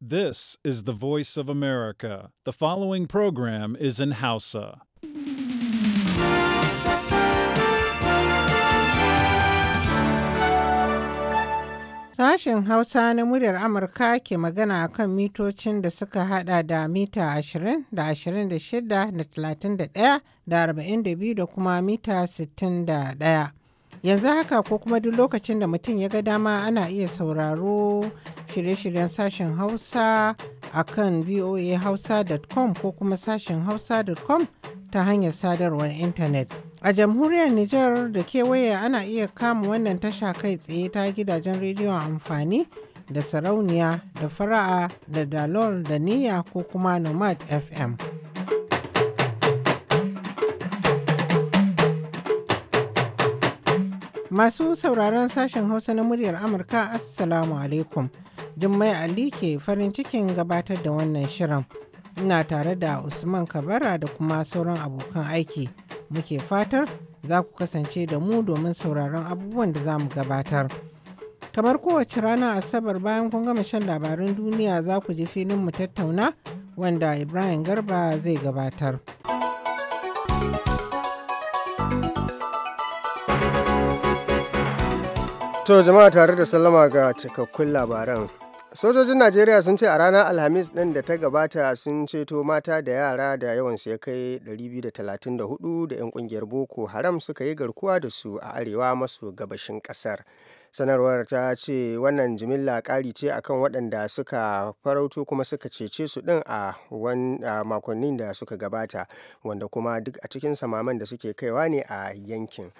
This is the voice of America. The following program is in Hausa. Sashen Hausa na muryar Amurka ke magana a kan mitocin da suka hada da mita 20 da 26 da 31 da 42 da kuma mita 61. Yanzu haka ko kuma duk lokacin da mutum ya ga dama ana iya sauraro shirye-shiryen sashen Hausa a kan voahausa.com ko kuma sashen hausa.com ta hanyar sadarwar intanet. A jamhuriyar Nijar da kewaye ana iya kama wannan tasha kai tsaye ta gidajen rediyon amfani da sarauniya da fara'a da dalol da niyya ko kuma nomad FM. Masu sauraron sashen Hausa na muryar Amurka Assalamu alaikum. Jummai Ali ke farin cikin gabatar da wannan shirin. Ina tare da Usman Kabara da kuma sauran abokan aiki. Muke fatar za ku kasance da mu domin sauraron abubuwan da za mu gabatar. Kamar kowace rana Asabar bayan kun gama shan labarin duniya za ku ji filin mu tattauna wanda Ibrahim Garba zai gabatar. To jama'a tare da sallama ga cikakkun labaran. Sojojin Najeriya sun ce a ranar Alhamis ɗin da ta gabata sun ceto mata da yara da yawan su ya kai 234 da 'yan kungiyar Boko Haram suka yi garkuwa da su a arewa maso gabashin ƙasar. sanarwar ta ce wannan jimilla kari ce akan waɗanda suka farauto kuma suka cece su ɗin a makonnin da suka gabata wanda kuma duk a cikin samaman da suke kaiwa ne a yankin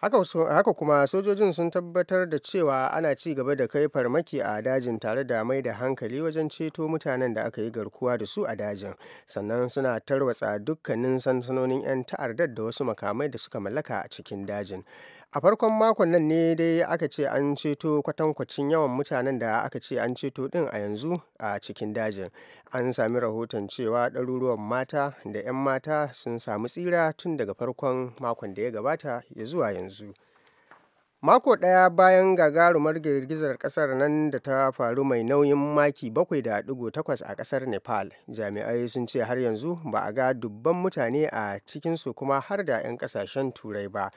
haka kuma sojojin sun tabbatar da cewa ana ci gaba da kai farmaki a dajin tare da mai da hankali wajen ceto mutanen da aka yi garkuwa da su a dajin sannan suna tarwatsa dukkanin sansanonin 'yan ta'ardar da wasu makamai da suka mallaka a cikin dajin A farkon makon nan ne dai aka ce an ceto kwatankwacin yawan mutanen da aka ce an ceto din a yanzu a cikin dajin. An sami rahoton cewa ɗaruruwan mata da 'yan mata sun samu tsira tun daga farkon makon da ya gabata ya zuwa yanzu. Mako ɗaya bayan gagarumar girgizar ƙasar nan da ta faru mai nauyin maki 7.8 a ƙasar Nepal, jami'ai sun ce har yanzu ba a ga dubban mutane a cikinsu kuma har da 'yan kasashen Turai ba.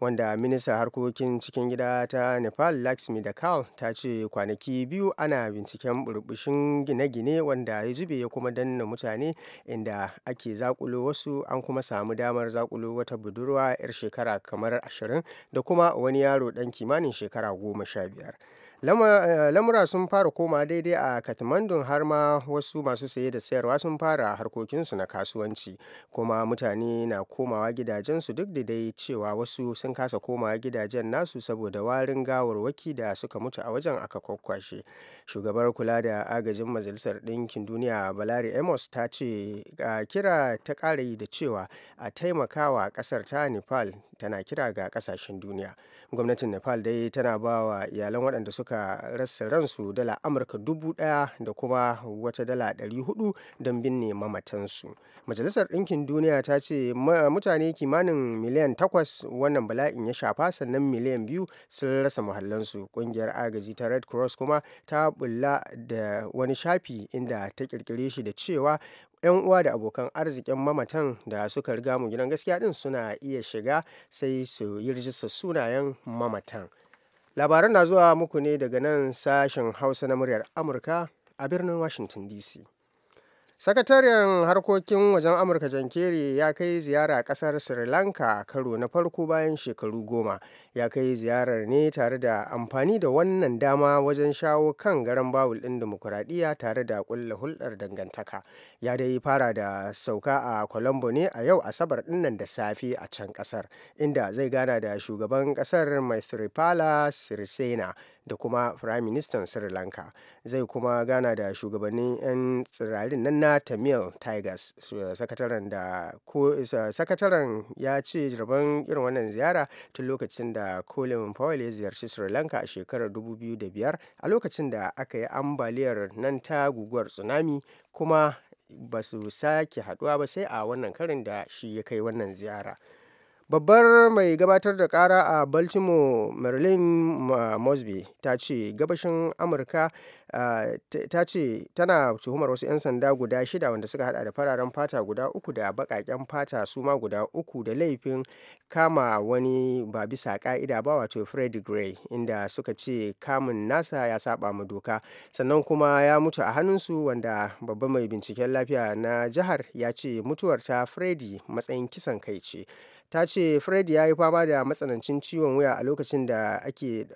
wanda ministan harkokin cikin gida ta nepal laxmi dakal ta ce kwanaki biyu ana binciken burbushin gine-gine wanda ya zube ya kuma danna mutane inda ake zakulo wasu an kuma samu damar zakulo wata budurwa 'yar shekara kamar ashirin da kuma wani yaro dan kimanin shekara goma sha biyar Eh, lamura sun fara koma daidai a kathmandun har ma wasu masu saye da sayarwa sun fara harkokinsu na kasuwanci kuma mutane na komawa gidajensu duk da dai cewa wasu sun kasa komawa gidajen nasu saboda warin gawarwaki da suka mutu a wajen aka kwakwashe shugabar kula da agajin majalisar ɗinkin duniya balari amos ta ce kira ta ƙara yi da cewa a taimakawa ƙasar ta nepal tana kira ga ƙasashen duniya gwamnatin nepal dai tana bawa wa iyalan waɗanda suka suka rasa ransu dala amurka dubu daya da kuma wata dala ɗari hudu don binne mamatansu majalisar ɗinkin duniya ta ce mutane kimanin miliyan takwas wannan bala'in ya shafa sannan miliyan biyu sun rasa muhallansu ƙungiyar agaji ta red cross kuma ta bulla da wani shafi inda ta kirkire shi da cewa 'yan uwa da abokan arzikin mamatan da suka riga mu gidan gaskiya din suna iya shiga sai su yi rijista sunayen mamatan labaran na zuwa muku ne daga nan sashen hausa na muryar amurka a birnin washington dc sakataren harkokin wajen amurka john kerry ya kai ziyara kasar sri lanka karo na farko bayan shekaru goma ya kai ziyarar ne tare da amfani da wannan dama wajen shawo kan garan bawul ɗin dimokuraɗiyya tare da kulla hulɗar dangantaka ya dai fara da sauka a colombo ne a yau asabar ɗinnan da safe a can ƙasar inda zai gana da shugaban ƙasar maithripala sirisena da kuma firaministan sri lanka zai kuma gana da shugabannin 'yan tsirarin nan na tamil tigers sakataren da sakataren ya ce rabon irin wannan ziyara tun lokacin da colin powell ya ziyarci sri lanka a shekarar 2005 a lokacin da aka yi ambaliyar nan ta guguwar tsunami kuma ba su sake haduwa ba sai a wannan karin da shi ya kai wannan ziyara. babbar mai gabatar da kara a baltimore marilyn mosby ta ce gabashin amurka ta ce tana tuhumar wasu 'yan sanda guda shida wanda suka hada da fararen fata guda uku da bakaken fata su ma guda uku da laifin kama wani ba bisa ka'ida ba wato fred gray inda suka ce kamun nasa ya saba mu doka sannan kuma ya mutu a hannunsu wanda babban mai binciken lafiya na jihar ya ce mutuwar ta freddy matsayin kisan kai ce ta ce fred ya yi fama da matsanancin ciwon wuya a lokacin da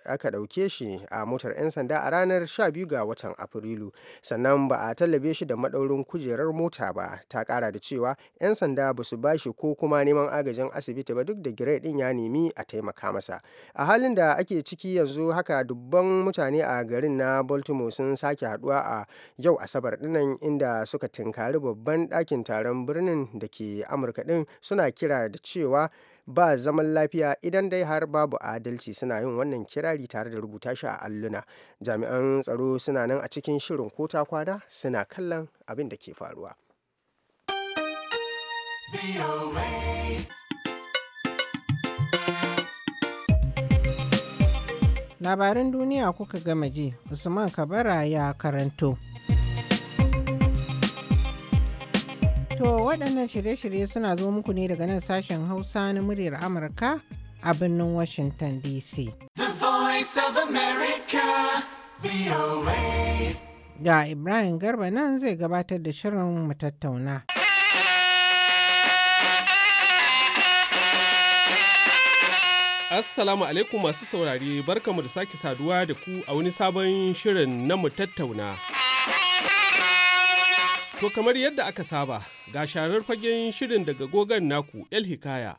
aka ɗauke shi a motar 'yan sanda a ranar 12 ga watan afrilu sannan ba a tallabe shi da madaurin kujerar mota ba ta kara da cewa 'yan sanda ba su ba shi ko kuma neman agajin asibiti ba duk da girai din ya nemi a taimaka masa a halin da ake ciki yanzu haka dubban mutane a garin na baltimore sun sake haduwa a yau asabar dinnan inda suka tinkari babban dakin taron birnin da ke amurka din suna kira da cewa ba zaman lafiya idan dai har babu adalci suna yin wannan kirari tare da rubuta shi a alluna jami'an tsaro suna nan a cikin shirin ko ta kwana suna kallon abin da ke faruwa Labarin duniya kuka gama ji usman kabara ya karanto To waɗannan shirye-shirye suna zo muku ne daga nan sashen Hausa na muryar Amurka a birnin Washington DC. The Voice Ga Ibrahim Garba nan zai gabatar da shirin mu tattauna. Assalamu alaikum masu saurari barkamu da sake saduwa da ku a wani sabon shirin na mu tattauna. To kamar yadda aka saba, ga sharar fagen shirin daga gogan naku El Hikaya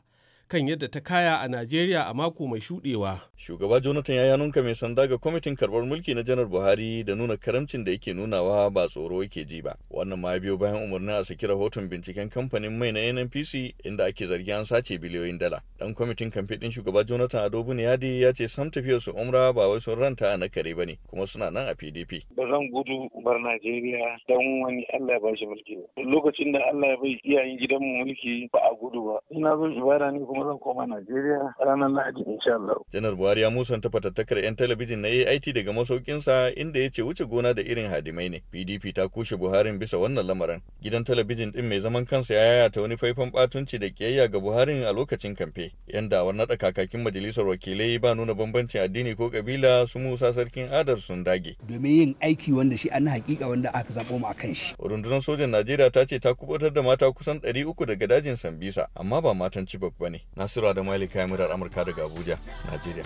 kan yadda ta kaya a Najeriya a mako mai shuɗewa. Shugaba Jonathan ya yanunka mai sanda ga kwamitin karbar mulki na janar Buhari da nuna karamcin da yake nunawa ba tsoro yake ji ba. Wannan ma biyo bayan umarnin a saki rahoton binciken kamfanin mai na NNPC inda ake zargi an sace biliyoyin dala. Dan kwamitin kamfe din shugaba Jonathan Adobu Niyadi ya ce sam tafiyar su umra ba wai sun ranta na kare bane kuma suna nan a PDP. Ba zan gudu bar Najeriya dan wani Allah ya bashi mulki Lokacin da Allah ya bai iyayen gidanmu mulki ba a gudu ba. Ina zo ibada ne kuma kuma zan koma Najeriya ranar Lahadi insha Allah. Janar Buhari ya musanta fatattakar 'yan talabijin na AIT daga masaukinsa inda ya ce wuce gona da irin hadimai ne. PDP ta kushe Buharin bisa wannan lamarin. Gidan talabijin din mai zaman kansa ya yayata wani faifan batunci da kiyayya ga Buharin a lokacin kamfe. Yan dawar naɗa kakakin majalisar wakilai ba nuna bambancin addini ko kabila su Musa Sarkin Adar sun dage. Domin yin aiki wanda shi an hakika wanda aka zaɓo mu a kan shi. Rundunar sojan Najeriya ta ce ta kubutar da mata kusan 300 daga dajin Sambisa amma ba matan Chibok ba ne. Nasiru Adamali kayan murar Amurka daga Abuja, Najeriya.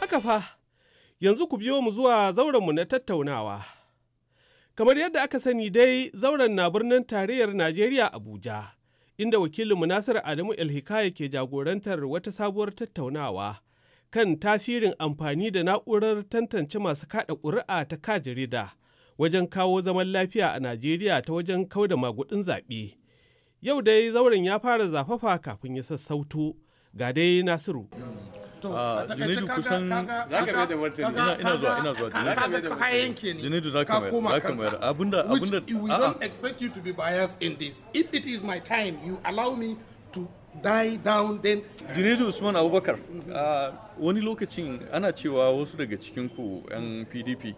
Haka fa, yanzu ku biyo mu zuwa zaurenmu na tattaunawa. Kamar yadda aka sani dai, zauren na birnin tarayyar Najeriya Abuja, inda wakilinmu Nasiru Adamu Elhikaya ke jagorantar wata sabuwar tattaunawa kan tasirin amfani da na'urar tantance masu kaɗa ƙuri'a ta ka jarida. wajen kawo zaman lafiya a Najeriya ta wajen kau da magudin zaɓe. Yau dai zauren ya fara zafafa kafin ya sassauto ga dai Nasiru. Ah, Junaidu if it my time you allow me to die down uh, Usman Abubakar uh, wani lokacin ana cewa wasu daga cikin ku yan PDP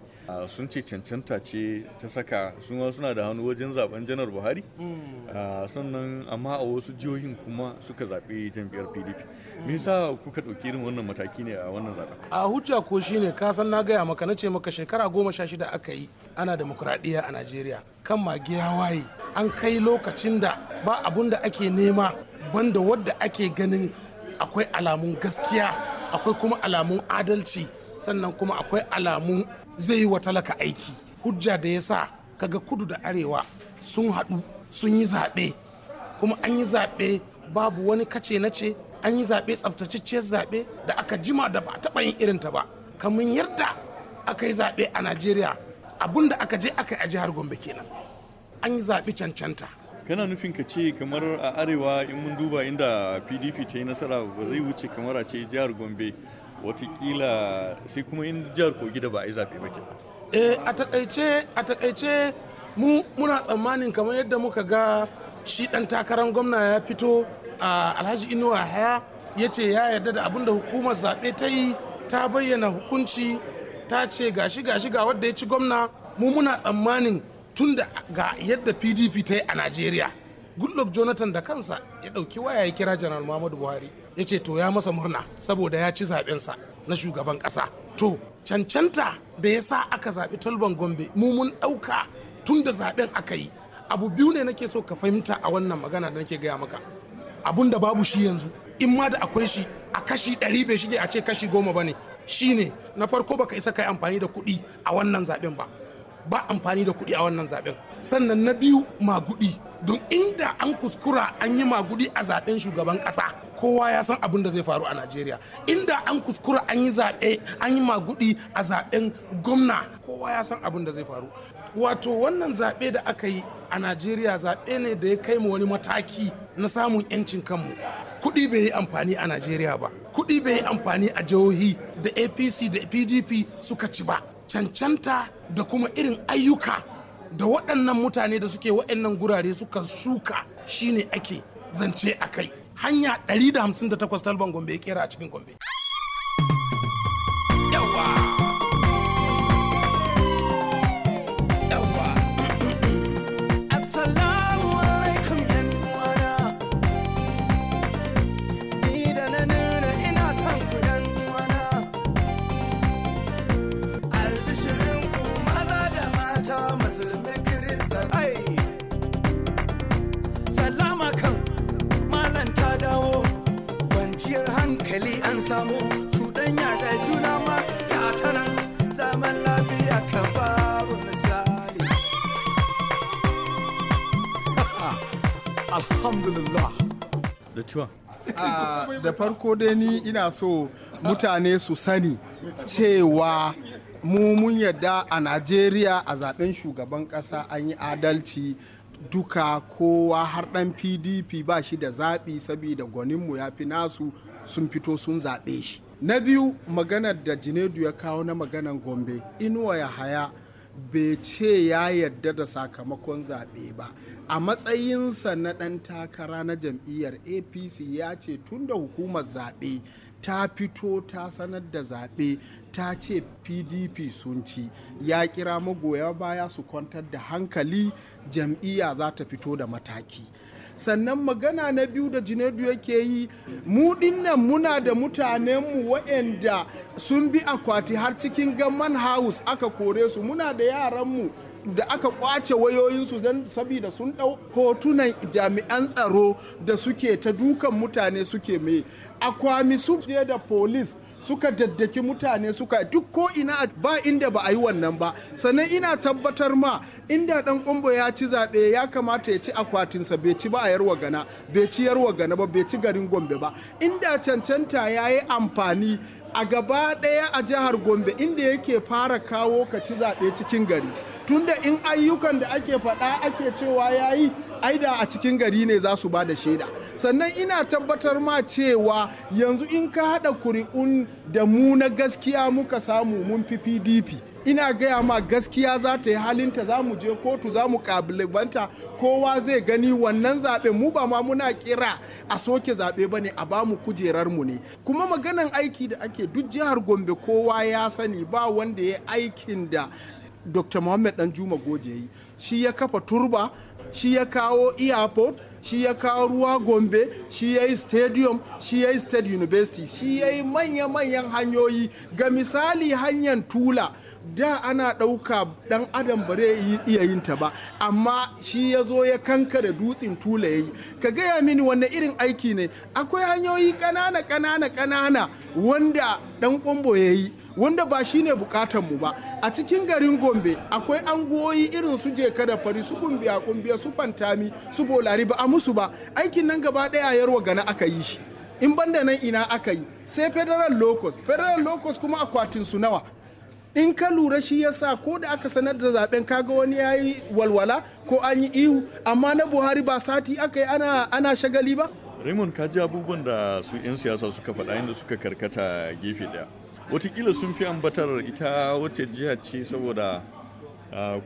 sun ce cancanta ce ta saka sun suna da hannu wajen zaben janar buhari hmm. sannan amma a wasu jihohin kuma suka zaɓi jam'iyyar pdp hmm. me yasa kuka ɗauki irin wannan mataki ne a wannan zaɓen a hujja ko shine ka san na gaya maka na ce maka shekara goma sha shida aka yi ana demokradiyya a najeriya kan mage hawaye an kai lokacin da ba abun da ake nema banda wadda ake ganin akwai alamun gaskiya akwai kuma alamun adalci sannan kuma akwai alamun zai yi wa talaka aiki hujja da ya sa kaga kudu da arewa sun haɗu sun yi zaɓe kuma an yi zaɓe babu wani kace na ce an yi zaɓe tsabtacicciyar zaɓe da aka jima da ba a taɓa yin irin ta ba kamar yadda aka yi zaɓe a najeriya abun da aka je aka yi a jihar gombe kenan an yi zaɓe cancanta kana nufin ka ce kamar a arewa in mun duba inda pdp ta yi nasara ba zai wuce kamar a ce jihar gombe watakila sai kuma yin jihar kogi da ba a yi zaɓe ba eh a takaice a takaice muna tsammanin kamar yadda muka ga shi dan takarar gwamna ya fito a alhaji inuwa haya ya ce ya yarda da abin da hukumar zaɓe ta yi ta bayyana hukunci ta ce gashi gashi ga wadda ya ci gwamna mu muna tsammanin tun da ga yadda pdp ta yi a najeriya goodluck jonathan da kansa ya ɗauki waya ya kira janar muhammadu buhari ya ce to ya masa murna saboda ya ci zaɓensa na shugaban ƙasa to cancanta da ya sa aka zaɓi talban gombe mu mun ɗauka tun da zaɓen aka yi abu biyu ne nake so ka fahimta a wannan magana da nake gaya maka abun da babu shi yanzu in ma da akwai shi a kashi ɗari bai shige a ce kashi goma ba ne shi ne na farko baka isa ka yi amfani da kuɗi a wannan zaɓen ba ba amfani da kuɗi a wannan zaɓen sannan na biyu magudi don inda an kuskura an yi magudi a zaben shugaban kasa kowa ya san abin da zai faru a najeriya inda an kuskura an yi zaɓe an yi magudi a zaben gwamna kowa ya san abin da zai faru wato wannan zaɓe da aka yi a najeriya zaɓe ne da ya kai mu wani mataki na samun 'yancin kanmu kuɗi bai yi amfani a najeriya ba kuɗi bai yi amfani a jihohi da apc da pdp suka ci ba cancanta da kuma irin ayyuka da waɗannan mutane da suke waɗannan gurare suka shuka shine ake zance a kai hanya 158 talban gombe ya kera a cikin gombe farko dai ni ina so mutane su sani cewa mu mun yadda a najeriya a zaben shugaban kasa an yi adalci duka kowa har dan pdp ba shi da zaɓi saboda gwaninmu ya fi nasu sun fito sun zaɓe shi na biyu maganar da jinedu ya kawo na maganar gombe inuwa ya haya bai ce ya yarda da sakamakon zaɓe ba a matsayinsa na ɗan takara na jam'iyyar apc ya ce tun da hukumar zaɓe ta fito ta sanar da zaɓe ta ce pdp sun ci ya kira magoya baya su kwantar da hankali jam'iyya za ta fito da mataki sannan magana na biyu da junaidu yake yi mu dinnan muna da mutanenmu waɗanda sun bi akwati har cikin gamman house aka kore su muna da yaranmu da aka kwace wayoyinsu don sabida sun ɗau hotunan jami'an tsaro da suke ta dukan mutane suke mai akwami su da police suka daddaki mutane suka duk ko ina ba inda ba a yi wannan ba sannan ina tabbatar ma inda dan kwambo ya ci zaɓe ya kamata ya ci akwatinsa bai ci ba a yarwa gana bai ci yarwa gana ba bai ci garin gombe ba inda cancanta ya yi amfani a gaba ɗaya a jihar gombe inda yake fara kawo ka ci zaɓe cikin gari tunda in ayyukan da ake faɗa ake cewa yayi. aida a cikin gari ne za su ba da shaida sannan ina tabbatar ma cewa yanzu in ka haɗa kuri'un da mu na gaskiya muka samu mun fi pdp ina gaya ma gaskiya za ta yi halinta za mu je kotu za mu banta kowa zai gani wannan zaɓe mu ba ma muna kira a soke zaɓe ba ne a ba mu kujerar mu ne kuma maganan aiki da ake duk jihar gombe kowa ya sani ba wanda ya aikin da dr muhammad dan juma goje yi shi ya kafa turba shi ya kawo airport shi ya kawo ruwa gombe shi ya yi stadium shi ya yi state university shi ya yi manya-manyan hanyoyi ga misali hanyar tula da ana ɗauka ɗan adam ba zai iya yin ta ba amma shi ya zo ya kanka da dutsen tula ya yi ka gaya mini wanne irin aiki ne akwai hanyoyi ƙanana ƙanana ƙanana wanda ɗan ƙwambo ya yi wanda ba shine bukatan mu ba a cikin garin gombe akwai angoyi irin su jeka da fari su kumbiya kumbiya su fantami su bolari ba a musu ba aikin nan gaba daya yarwa gana aka yi shi in banda nan ina aka yi sai federal locus federal locus kuma akwatin su nawa in ka lura shi ya sa ko da aka sanar da zaben kaga wani ya yi walwala ko an yi ihu amma na buhari ba sati aka yi ana, shagali ba raymond ka ji abubuwan da su 'yan siyasa suka faɗa inda suka karkata gefe daya watakila sun fi ambatar ita wacce jiha ce saboda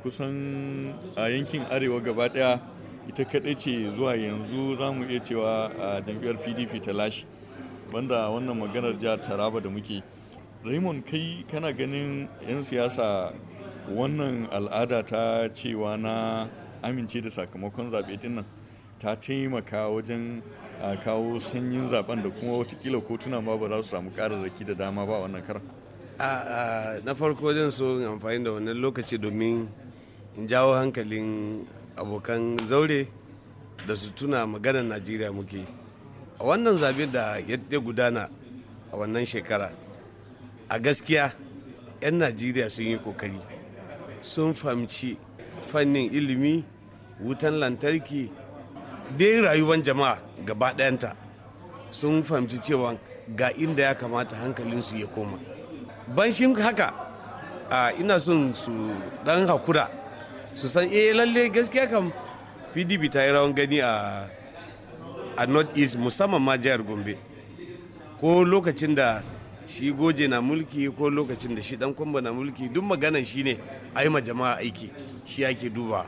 kusan a yankin arewa gaba daya ita kadai ce zuwa yanzu za mu iya cewa a jam'iyyar pdp ta lashe banda wannan maganar jihar taraba da muke raymond kai kana ganin 'yan siyasa wannan al'ada ta cewa na amince da sakamakon zaɓe dinnan ta taimaka wajen a kawo sanyin zaben da kuma watakila kotuna ma ba za su samu kararraki da dama ba wannan karan na farko zan so amfani da wannan lokaci domin in jawo hankalin abokan zaure da su tuna maganar najeriya muke a wannan zabe da ya gudana a wannan shekara a gaskiya 'yan najeriya sun yi kokari sun fahimci fannin ilimi wutan lantarki dai rayuwar jama'a gaba ɗayanta sun fahimci cewa ga inda ya kamata hankalinsu ya koma ban shi haka ina son su dan hakura su san eh lalle gaskiya kam pdp ta yi rawan gani a a north east musamman ma jihar gombe ko lokacin da shi goje na mulki ko lokacin da shi dan kwamba na mulki duk maganan shine ne a yi ma jama'a aiki shi ake dubawa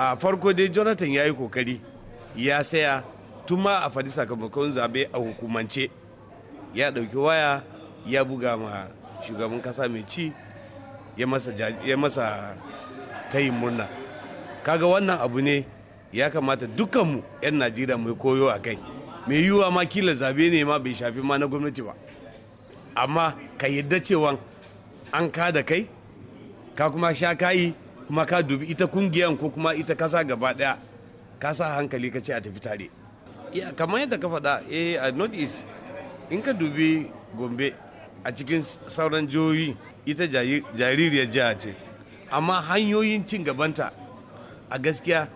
a farko dai jonathan ya yi kokari ya saya tun ma a faɗi sakamakon zaɓe a hukumance ya ɗauki waya ya buga ma shugaban ƙasa mai ci ya masa tayin murna kaga wannan abu ne ya kamata dukkanmu 'yan najeriya mai koyo a kai mai yiwuwa ma kila zaɓe ne ma bai shafi ma na gwamnati ba amma ka yadda cewa an ka da kai ka kuma sha kayi kuma ka dubi ita kungiyan ko kuma ita kasa gaba daya ka hankali ka ce a tafi tare kamar yadda ka faɗa eh a north east in ka dubi gombe a cikin sauran jihohi ita jaririyar jiha ce amma hanyoyin cin gabanta a gaskiya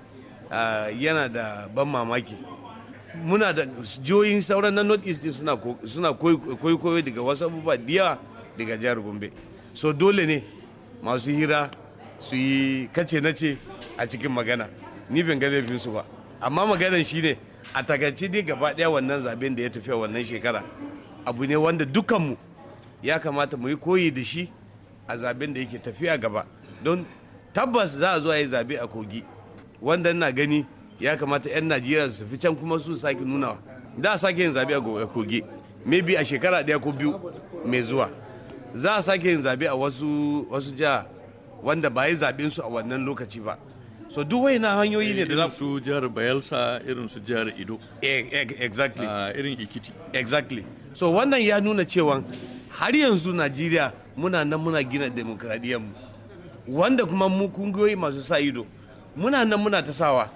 yana da ban mamaki muna da jihohin sauran na north east suna koyi daga wasu abubuwa da daga jihar gombe so dole ne masu hira su yi kace na ce a cikin magana ni ban ga laifin su ba amma maganar shi ne a takaice dai gaba ɗaya wannan zaben da ya tafi wannan shekara abu ne wanda dukanmu ya kamata mu yi koyi da shi a zaben da yake tafiya gaba don tabbas za a zo a yi zabe a kogi wanda na gani ya kamata 'yan najeriya su fi can kuma su sake nunawa da a sake yin zabe a kogi maybe a shekara ɗaya ko biyu mai zuwa za a sake yin zabe a wasu wasu jiha wanda ba yi zaɓe su a wannan lokaci ba so duk wai na hanyoyi ne da su jihar bayelsa irin su jihar ido e, e, exactly ah, irin ikiti exactly so wannan ya nuna cewa har yanzu najeriya muna nan muna gina mu wanda kuma mu kungiyoyi masu sa ido muna nan muna ta sawa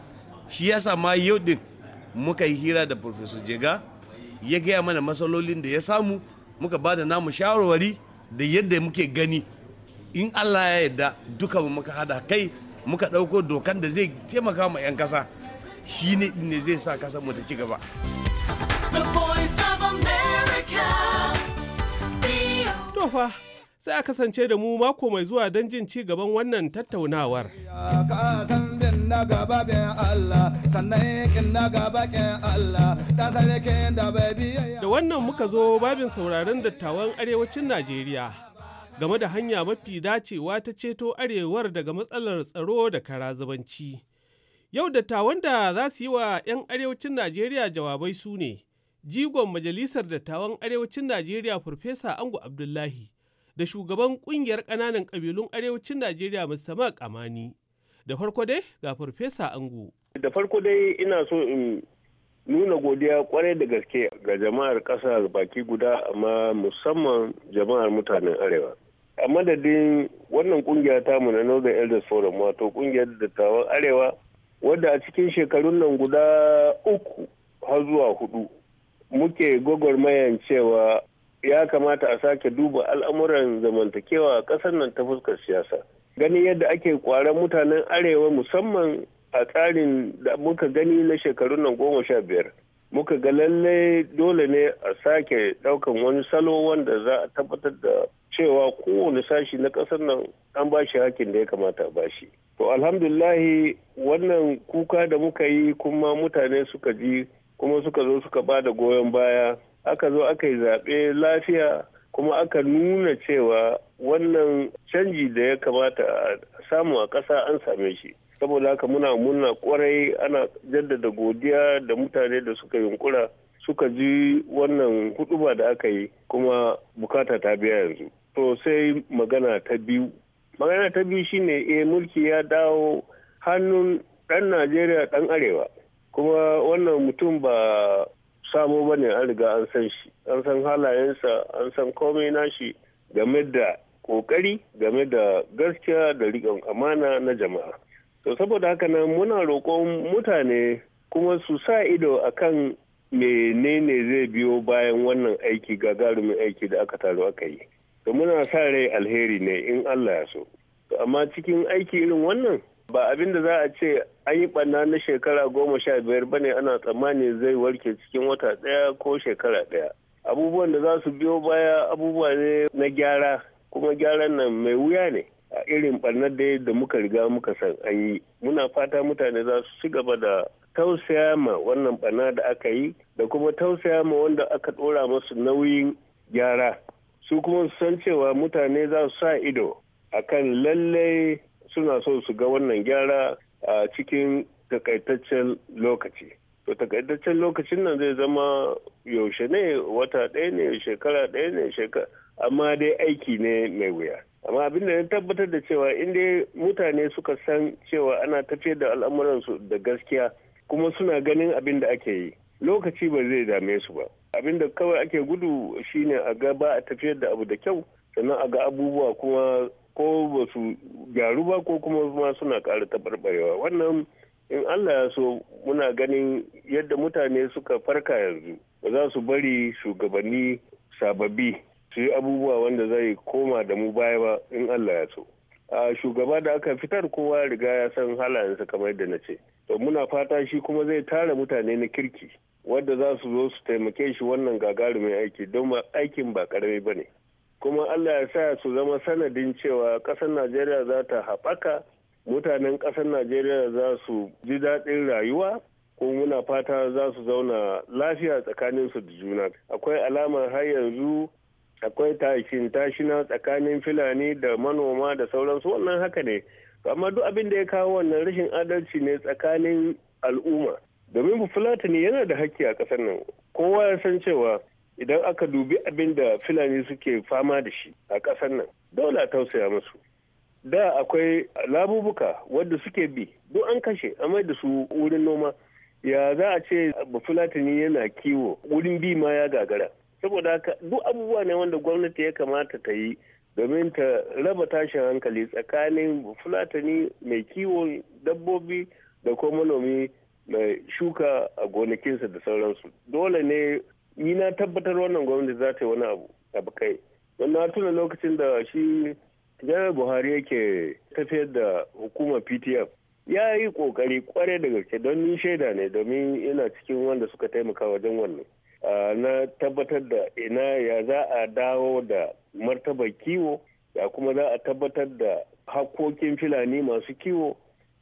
shi yasa ma yau din muka yi hira da professor jega ya gaya mana matsalolin da ya samu muka ba da namu shawarwari da yadda muke gani in allah ya yarda duka muka hada kai muka ɗauko dokan da zai taimaka ma 'yan kasa shi ne ne zai sa kasa mu ta ci gaba tofa sai a kasance da mu mako mai zuwa don jin ci gaban wannan tattaunawar da wannan muka zo babin sauraron dattawan arewacin najeriya game da hanya mafi dacewa ta ceto arewar daga matsalar tsaro da kara karazubanci. Yau dattawan da za su yi wa 'yan arewacin Najeriya jawabai su ne, jigon Majalisar Dattawan Arewacin Najeriya Farfesa Ango Abdullahi da shugaban ƙungiyar ƙananan ƙabilun Arewacin Najeriya Mustama Kamani. Da farko dai ga Farfesa Ango. Da farko dai ina so in nuna godiya kwarai da gaske ga jama'ar ƙasa baki guda amma musamman jama'ar mutanen Arewa. a madadin wannan kungiya ta mu na Northern Elders Forum wato kungiyar dattawan Arewa wadda a cikin shekarun nan guda uku har zuwa hudu muke gwagwarmayan cewa ya kamata a sake duba al'amuran zamantakewa a ƙasar nan ta fuskar siyasa. Gani yadda ake kwaran mutanen Arewa musamman a tsarin da muka gani na shekarun nan goma sha biyar. muka ga lalle dole ne a sake daukan wani salo wanda za a tabbatar da cewa kowane sashi na ƙasar nan an ba shi hakin da ya kamata a bashi. To alhamdulahi wannan kuka da muka yi kuma mutane suka ji kuma suka zo suka ba da goyon baya aka zo aka yi zaɓe lafiya kuma aka nuna cewa wannan canji da ya kamata a samu a ƙasa an same shi. saboda haka muna muna kwarai ana jaddada godiya da mutane da suka yunkura suka ji wannan huduba da aka yi kuma bukata ta biya yanzu to sai magana ta biyu magana ta biyu shine e mulki ya dawo hannun dan najeriya dan arewa kuma wannan mutum ba sabo ba ne an riga an san shi an san halayensa an san komai nashi game da kokari game da gaskiya da riƙon amana na jama'a to saboda haka nan muna roƙon mutane kuma su sa ido akan menene zai biyo bayan wannan aiki gagarumin aiki da aka taru aka yi to muna sa rai alheri ne in allah ya so amma cikin aiki irin wannan ba abin da za a ce an yi ɓanna na shekara goma sha biyar ba ne ana tsammani zai warke cikin wata ɗaya ko shekara ɗaya abubuwan da za su biyo baya abubuwa ne na gyara kuma gyaran nan mai wuya ne a irin barnar da da muka riga muka san an yi muna fata mutane za su ci gaba da tausaya ma wannan barna da aka yi da kuma tausaya ma wanda aka ɗora masu nauyin gyara su kuma su san cewa mutane za su sa ido a kan lallai suna so su ga wannan gyara a cikin takaitaccen lokaci to takaitaccen lokacin nan zai zama yaushe ne wata ɗaya ne shekara ɗaya ne shekara amma dai aiki ne mai wuya amma abin da ya tabbatar da cewa inda mutane suka san cewa ana tafiyar da al'amuransu da gaskiya kuma suna ganin abin da ake yi lokaci ba zai dame su ba abin da kawai ake gudu shine a ga ba a tafiyar da abu da kyau sannan a ga abubuwa kuma ko ba su gyaru ba ko kuma ma suna ƙara taɓarɓarewa wannan in Allah ya so muna ganin yadda mutane suka farka yanzu ba za su bari shugabanni sababbi su yi abubuwa wanda zai koma da mu baya ba in Allah ya so. a shugaba da aka fitar kowa riga ya san halayensa kamar da na ce to muna fata shi kuma zai tara mutane na kirki wadda za su zo su taimake shi wannan gagarumin aiki don ba aikin ba karami ba ne kuma allah ya sa su zama sanadin cewa ƙasar najeriya za ta haɓaka mutanen ƙasar najeriya za su ji daɗin rayuwa ko muna fata za su zauna lafiya tsakaninsu da juna akwai alamar har yanzu akwai tashin tashina tsakanin fulani da manoma da sauransu wannan haka ne amma duk abin da ya kawo wannan rashin adalci ne tsakanin al'umma domin ne yana da haƙƙi a ƙasar nan kowa ya san cewa idan aka dubi abin da fulani suke fama da shi a ƙasar nan dole a tausaya musu da akwai labubuka wadda suke bi duk an kashe amai da su wurin noma ya za a ce fulatani yana kiwo wurin bi ma ya gagara saboda haka duk abubuwa ne wanda gwamnati ya kamata ta yi domin ta raba tashin hankali tsakanin fulatani mai kiwon dabbobi da kuma manomi mai shuka a gonakinsa da sauransu dole ne yi na tabbatar wannan gwamnati za ta yi wani abu abu kai wannan tuna lokacin da shi jami'ar buhari yake tafiyar da hukumar ptf ya yi kokari kware da gaske don ni shaida ne domin yana cikin wanda suka taimaka wajen wannan na tabbatar da ina ya za a dawo da martabar kiwo ya kuma za a tabbatar da hakkokin filani masu kiwo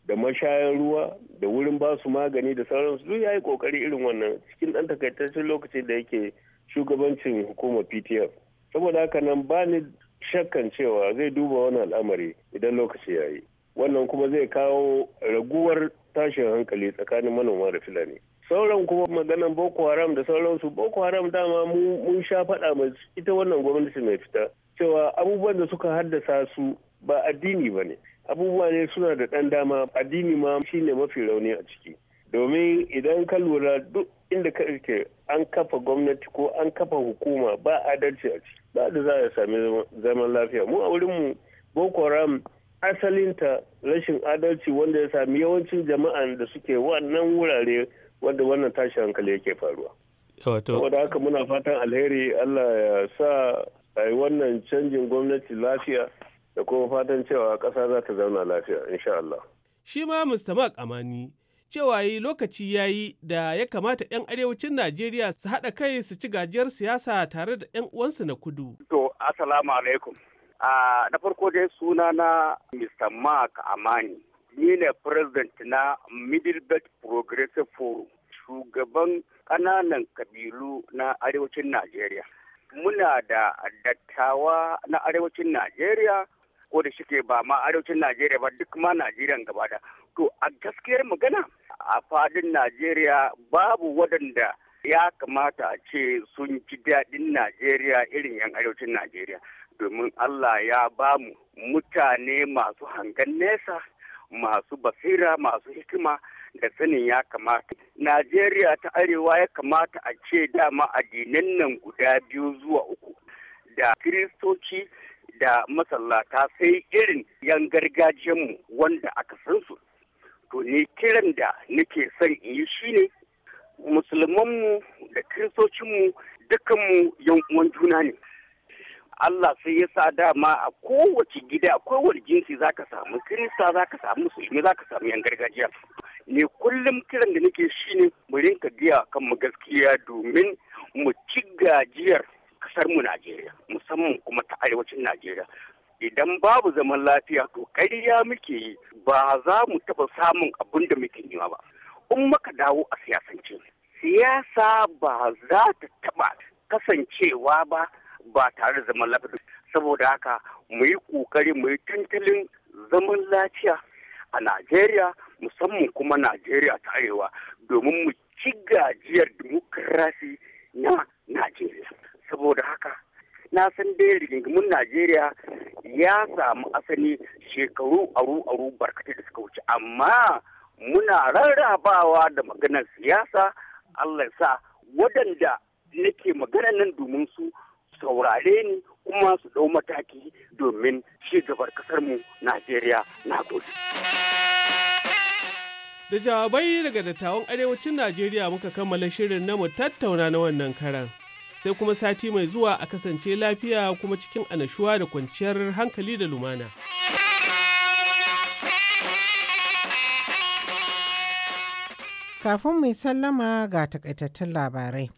da mashayan ruwa da wurin ba su magani da sauransu duk ya yi kokari irin wannan cikin ɗan takaitaccen lokacin da yake shugabancin hukumar ptf saboda haka nan ba ni shakkan cewa zai duba wani al'amari idan lokaci ya yi wannan kuma zai kawo raguwar tashin hankali tsakanin manoma da fulani sauran kuma maganan boko haram da sauransu boko haram dama mun sha faɗa mai ita wannan gwamnati mai fita cewa abubuwan da suka haddasa su ba addini ba ne abubuwa ne suna da ɗan dama addini ma shine mafi rauni a ciki domin idan ka lura duk inda ka ke an kafa gwamnati ko an kafa hukuma ba adalci a ciki ba da za a sami zaman lafiya mu a wurinmu boko haram asalinta rashin adalci wanda ya sami yawancin jama'an da suke wannan wurare wanda wannan tashin hankali yake faruwa Wadda haka muna fatan alheri allah ya sa a yi wannan canjin gwamnati lafiya da kuma fatan cewa ƙasa za ta zauna lafiya insha Allah. Shi ma Mr. Mark Amani cewa yi lokaci ya yi da ya kamata 'yan arewacin Najeriya su haɗa kai su ci gajiyar siyasa tare da 'yan uwansu na kudu. To, Assalamu alaikum. Ah, na farko dai suna na Mr. Mark Amani. ni ne president na Belt Progressive Forum, shugaban ƙananan kabilu na arewacin Najeriya. Muna da dattawa na arewacin Najeriya, ko da shike ba ma arewacin Najeriya ba duk ma Najeriya gaba da. To a gaskiyar magana a fadin Najeriya babu waɗanda ya kamata a ce sun ji daɗin Najeriya irin 'yan arewacin Najeriya domin Allah ya ba mu mutane masu hangen nesa masu basira masu hikima da sanin ya kamata. Najeriya ta arewa ya kamata a ce dama addinan nan guda biyu zuwa uku da kiristoci da masallata sai irin yan gargajiyanmu wanda aka san su. To ne kiran da nake son in yi shi ne. musulmanmu da kiristocinmu dukanmu yan uwan juna ne. Allah sai ya sa dama a kowace gida a kowace jinsi za ka samu kirista za ka samu musulmi za ka samu yan gargajiya ne kullum kiran da nake shi ne mu rinka biya kan mu gaskiya domin mu ci gajiyar kasar mu Najeriya musamman kuma ta arewacin Najeriya idan babu zaman lafiya to ƙarya muke yi ba za mu taɓa samun abin da muke nema ba in muka dawo a siyasance siyasa ba za ta taɓa kasancewa ba ba tare da zaman lafiya saboda haka mu yi kokari mu yi zaman lafiya a Najeriya musamman kuma Najeriya ta arewa domin mu ci gajiyar dimokirasi na Najeriya saboda haka na san dai rigingimin Najeriya ya samu asali shekaru aru aru barkatai da suka wuce amma muna rarrabawa da maganar siyasa Allah sa waɗanda nake magana nan domin su saurare ni kuma su ɗau mataki domin ci gabar ƙasarmu Najeriya na gode. Da jawabai daga dattawan arewacin Najeriya muka kammala shirin na mu tattauna na wannan karan. Sai kuma sati mai zuwa a kasance lafiya kuma cikin anashuwa da kwanciyar hankali da lumana. Kafin mai sallama ga takaitattun labarai.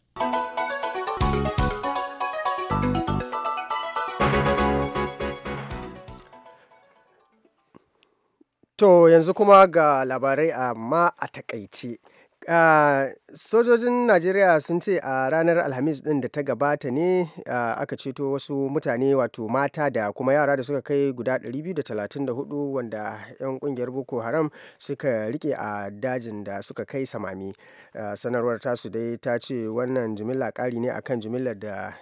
To yanzu kuma ga labarai amma a takaice. Uh, sojojin najeriya sun ce a uh, ranar alhamis din da ta gabata ne uh, aka ceto wasu mutane wato mata da kuma yara da suka kai guda 234 wanda 'yan kungiyar boko haram suka rike a dajin da suka kai samami sanarwar tasu dai ta ce wannan jimilla kari ne akan jimillar da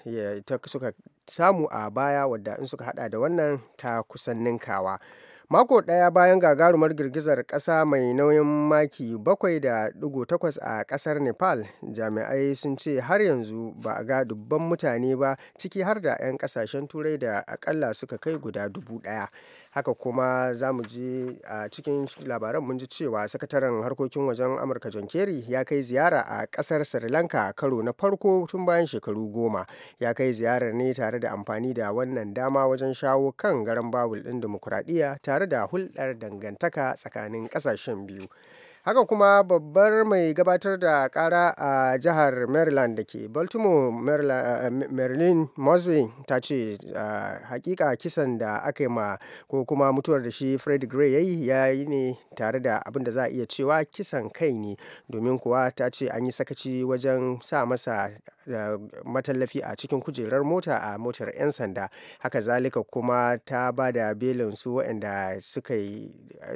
suka samu a baya wadda in suka hada da wannan ta kusan ninkawa. mako ɗaya bayan gagarumar girgizar ƙasa mai nauyin maki 7.8 a ƙasar nepal jami'ai sun ce har yanzu ba a ga dubban mutane ba ciki har da 'yan ƙasashen turai da akalla suka kai guda dubu ɗaya haka kuma za mu ji a cikin labaran mun ji cewa sakataren harkokin wajen amurka john kerry ya kai ziyara a kasar sri lanka karo na farko tun bayan shekaru goma ya kai ziyarar ne tare da amfani da wannan dama wajen shawo kan garan bawul ɗin dimokuraɗiyya tare da hulɗar dangantaka tsakanin ƙasashen biyu haka kuma babbar mai gabatar da kara a jihar maryland da ke baltimore maryland eh, mosby ta ce eh, hakika kisan da aka yi ma ko kuma mutuwar da shi fred gray ya yi ya yi ne tare da abin da za a iya cewa kisan kai ne domin kuwa ta ce an yi sakaci wajen sa masa eh, matallafi a cikin kujerar mota a motar 'yan sanda haka zalika kuma ta ba da belin su waɗanda suka yi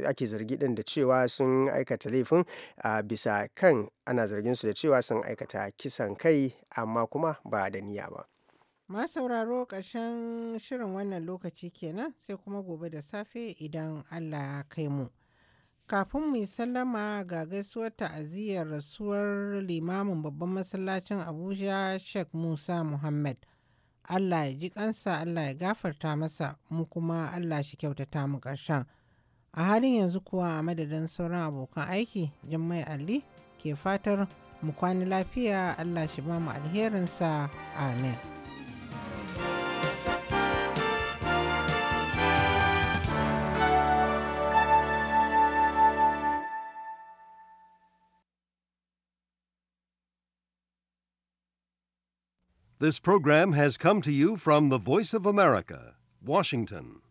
ake zargi din da cewa sun aikata laifin a bisa kan ana zargin su da cewa sun aikata kisan kai amma kuma ba da niyya ba ma sauraro ƙarshen shirin wannan lokaci kenan sai kuma gobe da safe idan allah ya kai mu kafin mu yi sallama ga gaisuwar ta'aziyyar rasuwar limamin babban masallacin abuja sheikh musa muhammad allah ya ji kansa allah ya gafarta masa mu kuma allah shi kyautata mu ƙarshen a halin yanzu kuwa a madadin sauran abokan aiki jummai ali ke fatar mu kwani lafiya allah shi ba mu alherinsa amen This program has come to you from the Voice of America, Washington.